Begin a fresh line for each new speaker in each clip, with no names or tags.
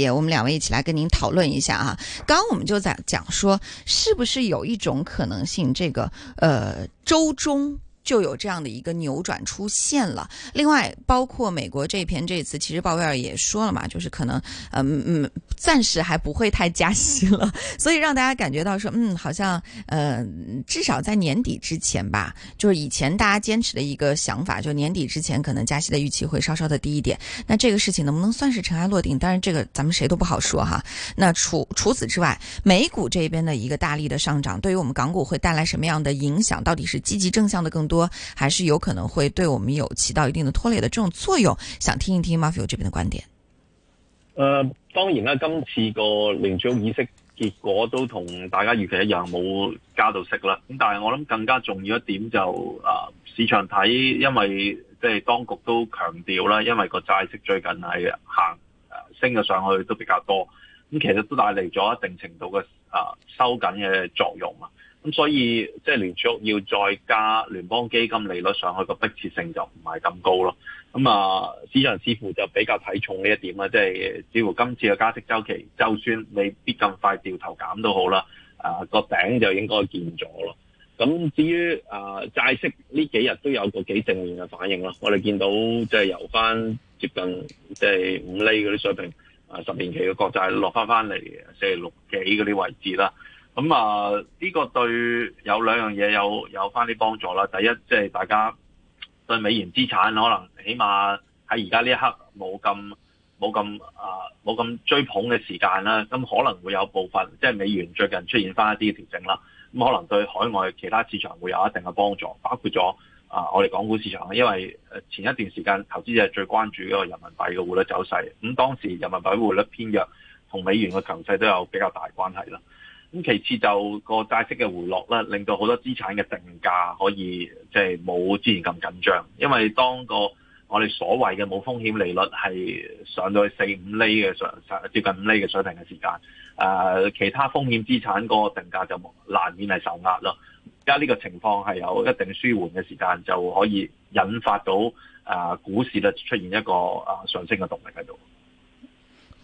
也，我們兩位一起來跟您討論一下啊。剛剛我們就在講說，是不是有一種可能性，這個呃，周中。就有這樣的一個扭轉出現了。另外，包括美國這邊，這一次，其實鮑威爾也說了嘛，就是可能，嗯嗯，暫時還不會太加息了。所以讓大家感覺到說，嗯，好像，呃，至少在年底之前吧，就是以前大家堅持的一個想法，就年底之前可能加息的預期會稍稍的低一點。那這個事情能不能算是塵埃落定？當然，這個咱們誰都不好說哈。那除除此之外，美股這邊的一個大力的上漲，對於我們港股會帶來什麼樣的影響？到底是積極正向的更多？多，還是有可能會對我們有起到一定的拖累的這種作用，想聽一聽 Matthew 這邊的觀點。
誒、呃，當然啦，今次個聯儲議息結果都同大家預期一樣，冇加到息啦。咁但係我諗更加重要一點就誒、呃，市場睇，因為即係當局都強調啦，因為個債息最近係行、呃、升咗上去都比較多，咁其實都帶嚟咗一定程度嘅、呃、收緊嘅作用啊。咁所以即係連續要再加聯邦基金利率上去個迫切性就唔係咁高咯。咁啊，市場似乎就比較睇重呢一點啦，即係似乎今次嘅加息周期，就算未必咁快掉頭減都好啦。啊，個頂就應該見咗咯。咁至於啊，債息呢幾日都有個幾正面嘅反應啦。我哋見到即係由翻接近即係五厘嗰啲水平，啊十年期嘅國債落翻翻嚟四六幾嗰啲位置啦。咁啊，呢個對有兩樣嘢有有翻啲幫助啦。第一，即係大家對美元資產，可能起碼喺而家呢一刻冇咁冇咁啊冇咁追捧嘅時間啦。咁可能會有部分即係美元最近出現翻一啲調整啦。咁可能對海外其他市場會有一定嘅幫助，包括咗啊我哋港股市場啦。因為前一段時間投資者最關注嗰個人民幣嘅匯率走勢，咁當時人民幣匯率偏弱，同美元嘅強勢都有比較大關係啦。咁其次就個、是、債息嘅回落咧，令到好多資產嘅定價可以即係冇之前咁緊張，因為當個我哋所謂嘅冇風險利率係上到去四五厘嘅上接近五厘嘅水平嘅時間，誒其他風險資產個定價就難免係受壓咯。而家呢個情況係有一定舒緩嘅時間，就可以引發到誒股市咧出現一個上升嘅動力喺度。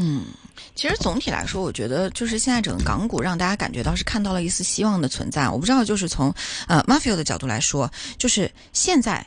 嗯，其實總體來說，我覺得就是現在整個港股讓大家感覺到是看到了一絲希望的存在。我不知道，就是從呃 Mafio 的角度來說，就是現在。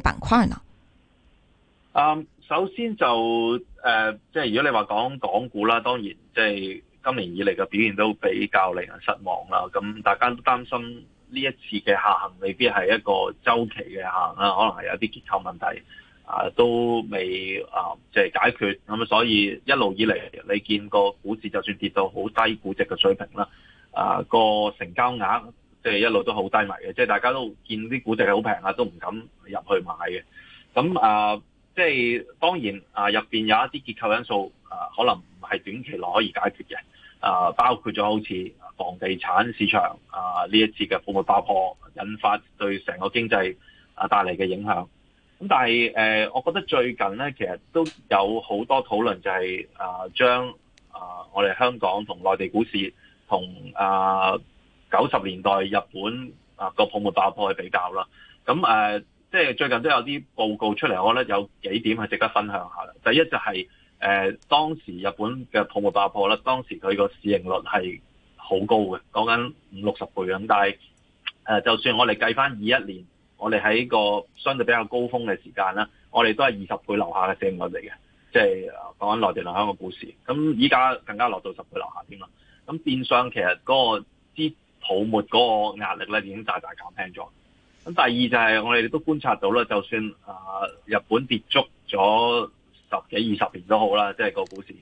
板塊呢？嗯，
首先就誒，即、呃、係如果你話講港股啦，當然即係今年以嚟嘅表現都比較令人失望啦。咁大家都擔心呢一次嘅下行未必係一個周期嘅下行啦，可能係有啲結構問題啊，都未啊，即係解決咁、啊、所以一路以嚟，你見個股市就算跌到好低估值嘅水平啦，啊，個成交額。即係一路都好低迷嘅，即係大家都見啲股值係好平啊，都唔敢入去買嘅。咁啊，即係當然啊，入邊有一啲結構因素啊，可能唔係短期內可以解決嘅啊，包括咗好似房地產市場啊呢一次嘅泡沫爆破，引發對成個經濟啊帶嚟嘅影響。咁但係誒、啊，我覺得最近咧，其實都有好多討論，就係啊，將啊我哋香港同內地股市同啊。九十年代日本啊個泡沫爆破去比較啦，咁誒即係最近都有啲報告出嚟，我覺得有幾點係值得分享下。第一就係、是、誒、呃、當時日本嘅泡沫爆破啦，當時佢個市盈率係好高嘅，講緊五六十倍咁。但係、呃、就算我哋計翻二一年，我哋喺個相對比較高峰嘅時間啦，我哋都係二十倍樓下嘅市盈率嚟嘅，即係講緊內地樓下個故事，咁依家更加落到十倍樓下添啦。咁變相其實嗰個泡沫嗰個壓力咧已經大大減輕咗。咁第二就係我哋都觀察到啦，就算啊日本跌足咗十幾二十年都好啦，即係個股市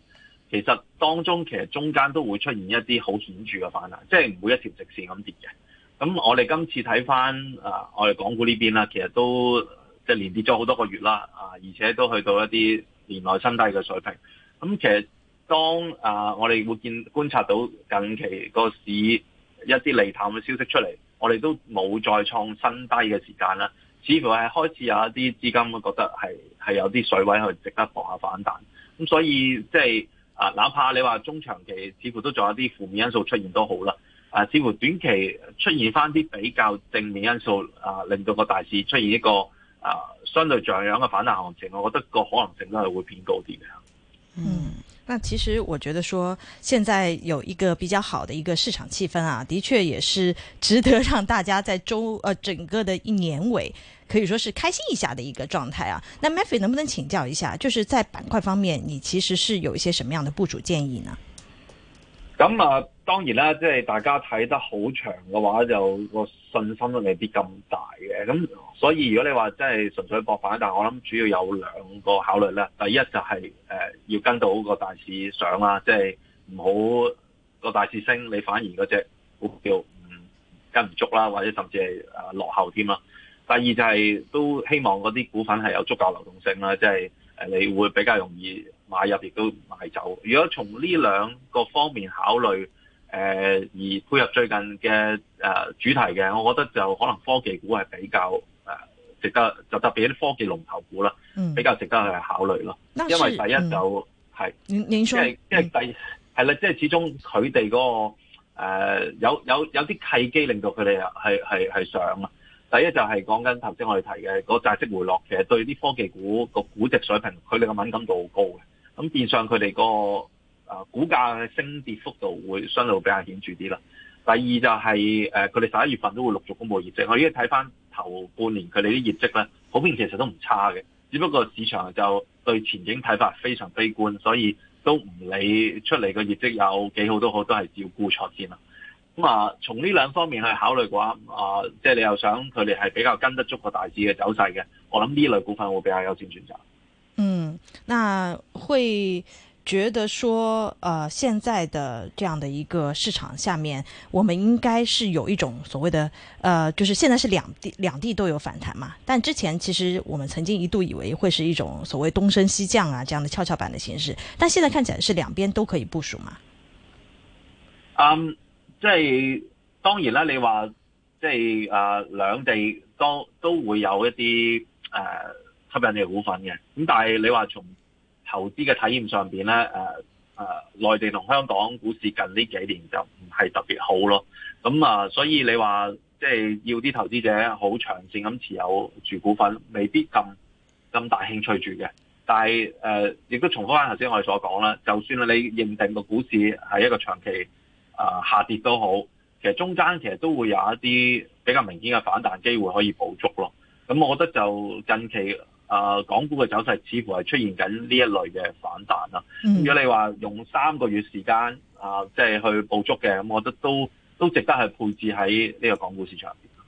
其實當中其實中間都會出現一啲好顯著嘅反彈，即係唔會一條直線咁跌嘅。咁我哋今次睇返啊，我哋港股呢邊啦，其實都即係連跌咗好多個月啦，啊而且都去到一啲年內新低嘅水平。咁其實當啊我哋會見觀察到近期個市，一啲利淡嘅消息出嚟，我哋都冇再創新低嘅時間啦，似乎係開始有一啲資金都覺得係有啲水位去值得搏下反彈，咁所以即係啊，哪怕你話中長期似乎都仲有啲負面因素出現都好啦，啊，似乎短期出現翻啲比較正面因素啊，令到個大市出現一個啊相對像樣嘅反彈行情，我覺得個可能性都係會變高啲嘅。嗯。
那其實我覺得說，現在有一個比較好的一個市場氣氛啊，的確也是值得讓大家在周呃整個的一年尾，可以說是開心一下的一個狀態啊。那 Maffy 能不能請教一下，就是在板塊方面，你其實是有一些什麼樣的部署建議呢？
咁啊，當然啦，即係大家睇得好長嘅話，就個信心都未必咁大嘅咁。所以如果你話真係純粹博反，但我諗主要有兩個考慮啦。第一就係要跟到個大市上啦，即係唔好個大市升，你反而嗰隻股票唔跟唔足啦，或者甚至係落後添啦。第二就係都希望嗰啲股份係有足夠流動性啦，即係誒你會比較容易買入，亦都買走。如果從呢兩個方面考慮。誒、呃、而配合最近嘅誒、呃、主題嘅，我覺得就可能科技股係比較誒、呃、值得，就特別一啲科技龍頭股啦，嗯、比較值得去考慮咯。是因為第一就係，即係即係第係啦，即係、即係、始終佢哋嗰個、呃、有有有啲契機令到佢哋係係係上啊。第一就係講緊頭先我哋提嘅、個債息回落，其實對啲科技股個估值水平，佢哋嘅敏感度好高嘅，咁變相佢哋、個。誒，股價嘅升跌幅度會相對會比較顯著啲啦。第二就係誒，佢哋十一月份都會陸續公布業績。我依家睇翻頭半年佢哋啲業績咧，普遍其實都唔差嘅。只不過市場就對前景睇法非常悲觀，所以都唔理出嚟個業績有幾好都好，都係照沽錯先啦。咁啊，從呢兩方面去考慮嘅話，啊，即係你又想佢哋係比較跟得足個大市嘅走勢嘅，我諗呢類股份會比較優先選擇。嗯，
那會。覺得說，呃，現在的這樣的一個市場下面，我們應該是有一種所謂的，呃，就是現在是兩地兩地都有反彈嘛。但之前其實我們曾經一度以為會是一種所謂東升西降啊這樣的蹺蹺板的形式，但現在看起來是兩邊都可以部署
嘛。嗯、um,，即係當然啦，你話即係啊兩地都都會有一啲誒吸引你嘅股份嘅，咁但係你話從。投資嘅體驗上面咧，誒、呃呃、內地同香港股市近呢幾年就唔係特別好咯。咁啊、呃，所以你話即係要啲投資者好長線咁持有住股份，未必咁咁大興趣住嘅。但係誒，亦、呃、都重複翻頭先我哋所講啦，就算你認定個股市係一個長期、呃、下跌都好，其實中間其實都會有一啲比較明顯嘅反彈機會可以補足咯。咁我覺得就近期。啊，港股嘅走勢似乎係出現緊呢一類嘅反彈啦。如果你話用三個月時間啊，即係去捕捉嘅，咁我覺得都都值得係配置喺呢個港股市場。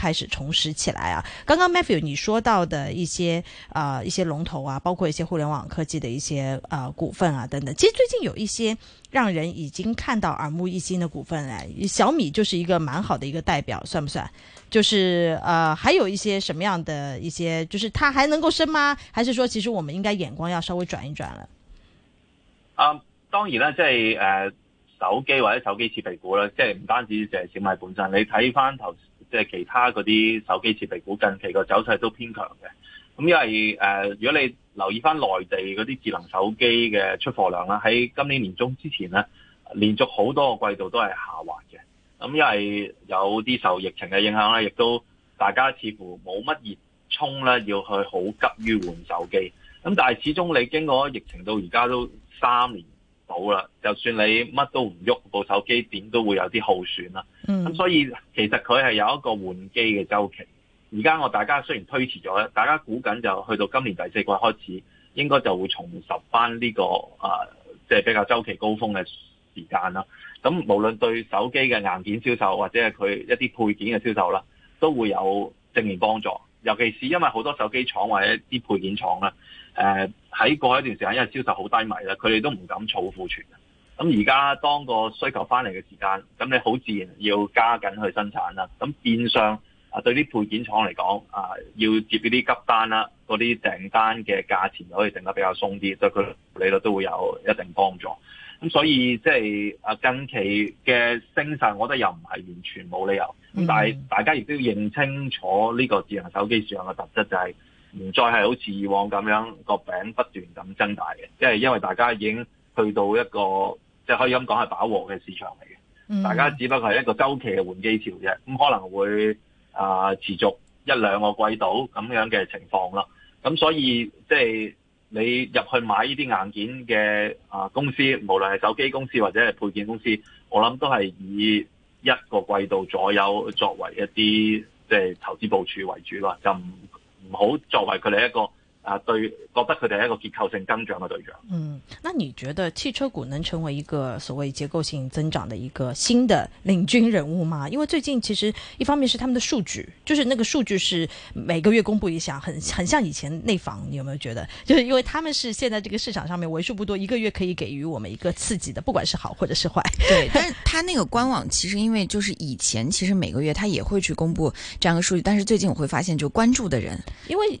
開始重拾起來啊！剛剛 Matthew 你說到的一些啊、呃，一些龍頭啊，包括一些互聯網科技的一些啊、呃、股份啊等等，其實最近有一些讓人已經看到耳目一新的股份啊，小米就是一個蠻好的一個代表，算不算？就是啊、呃，還有一些什麼樣的一些，就是它還能夠升嗎？還是說，其實我們應該眼光要稍微轉一轉了？
啊，當然啦，即係呃，手機或者手機設備股啦，即係唔單止就係小米本身，你睇翻頭。即係其他嗰啲手機設備股，近期個走勢都偏強嘅。咁因為誒，如果你留意翻內地嗰啲智能手機嘅出貨量啦，喺今年年中之前咧，連續好多個季度都係下滑嘅。咁因為有啲受疫情嘅影響咧，亦都大家似乎冇乜熱衷咧，要去好急於換手機。咁但係始終你經過疫情到而家都三年。到啦，就算你乜都唔喐部手機，點都會有啲耗損啦。咁、mm. 所以其實佢係有一個換機嘅周期。而家我大家雖然推遲咗，大家估緊就去到今年第四季開始，應該就會重拾翻呢個啊，即、呃、係、就是、比較周期高峰嘅時間啦、啊。咁無論對手機嘅硬件銷售或者係佢一啲配件嘅銷售啦，都會有正面幫助。尤其是，因為好多手機廠或者啲配件廠咧，誒喺過一段時間因為銷售好低迷啦，佢哋都唔敢儲庫存。咁而家當個需求翻嚟嘅時間，咁你好自然要加緊去生產啦。咁變相啊對啲配件廠嚟講啊，要接嗰啲急單啦。嗰啲訂單嘅價錢可以定得比較鬆啲，對佢利率都會有一定幫助。咁所以即係啊近期嘅升勢，我覺得又唔係完全冇理由。嗯、但係大家亦都要認清楚呢個智能手機市場嘅特質，就係唔再係好似以往咁樣、那個餅不斷咁增大嘅。即、就、係、是、因為大家已經去到一個即係、就是、可以咁講係飽和嘅市場嚟嘅。嗯、大家只不過係一個週期嘅換機潮啫。咁可能會啊、呃、持續一兩個季度咁樣嘅情況咯。咁所以即係你入去買呢啲硬件嘅啊公司，無論係手機公司或者係配件公司，我諗都係以一個季度左右作為一啲即係投資部署為主啦，就唔好作為佢哋一個。啊，對，覺得佢哋係一個結構性增長嘅對象。
嗯，那你覺得汽車股能成為一個所謂結構性增長的一個新的領軍人物嗎？因為最近其實，一方面是他們的數據，就是那個數據是每個月公布一下，很很像以前內房。你有沒有覺得？就是因為他們是現在這個市場上面為數不多一個月可以給予我們一個刺激的，不管是好或者
是壞。對， 但是他那個官網其實因為就是以前其實每個月他也會去公布這樣的數據，但是最近我會發現就關注的人，
因為。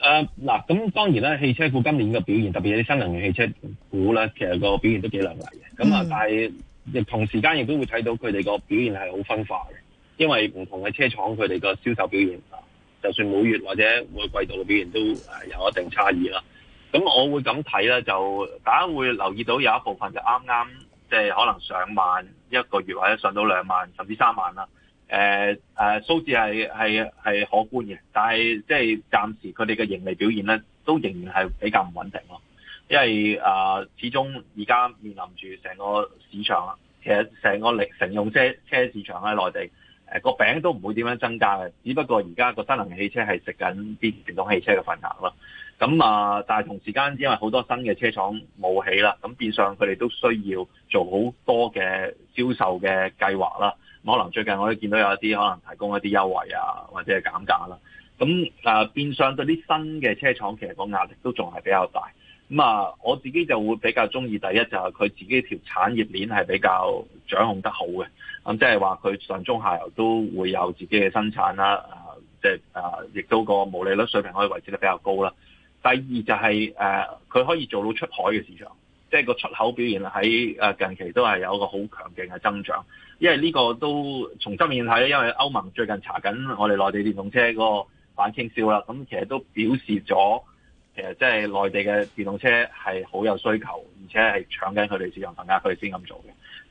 誒，嗱，咁當然啦，汽車股今年嘅表現，特別係啲新能源汽車股咧，其實個表現都幾亮麗嘅。咁啊、mm，hmm. 但係亦同時間亦都會睇到佢哋個表現係好分化嘅，因為唔同嘅車廠佢哋個銷售表現啊，就算每月或者每季度嘅表現都有一定差異啦。咁我會咁睇咧，就大家會留意到有一部分就啱啱即係可能上萬一個月，或者上到兩萬甚至三萬啦。誒誒，數、呃呃、字係係係可觀嘅，但係即係暫時佢哋嘅盈利表現咧，都仍然係比較唔穩定咯。因為誒、呃、始終而家面臨住成個市場，其實個成個零乘用車車市場喺內地誒、呃、個餅都唔會點樣增加嘅，只不過而家個新能源汽車係食緊啲電動汽車嘅份額咯。咁啊、呃，但係同時間因為好多新嘅車廠冇起啦，咁變相佢哋都需要做好多嘅銷售嘅計劃啦。可能最近我都見到有一啲可能提供一啲優惠啊，或者係減價啦。咁誒、呃、變相對啲新嘅車廠，其實個壓力都仲係比較大。咁啊，我自己就會比較鍾意第一就係佢自己條產業鏈係比較掌控得好嘅。咁即係話佢上中下游都會有自己嘅生產啦。誒即係誒，亦、就是啊、都個毛利率水平可以維持得比較高啦。第二就係、是、誒，佢、啊、可以做到出海嘅市場。即係個出口表現喺誒近期都係有一個好強勁嘅增長，因為呢個都從側面睇，因為歐盟最近查緊我哋內地電動車個反傾銷啦，咁其實都表示咗其實即係內地嘅電動車係好有需求，而且係搶緊佢哋市場份額，佢哋先咁做嘅。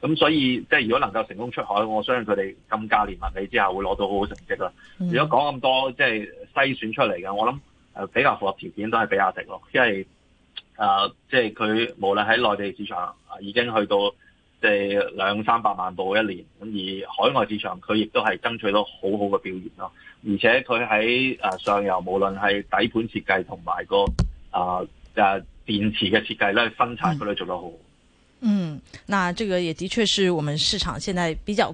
咁所以即係如果能夠成功出海，我相信佢哋咁價廉物美之下會攞到好好成績啦。如果講咁多即係篩選出嚟嘅，我諗誒比較符合條件都係比亞迪咯，因為。啊！即係佢無論喺內地市場已經去到即係兩三百萬部一年，咁而海外市場佢亦都係爭取到好好嘅表現咯。而且佢喺啊，上游無論係底盤設計同埋個啊啊電池嘅設計咧，生產佢都做得好
好嗯。嗯，那這個也的確係我們市場現在比較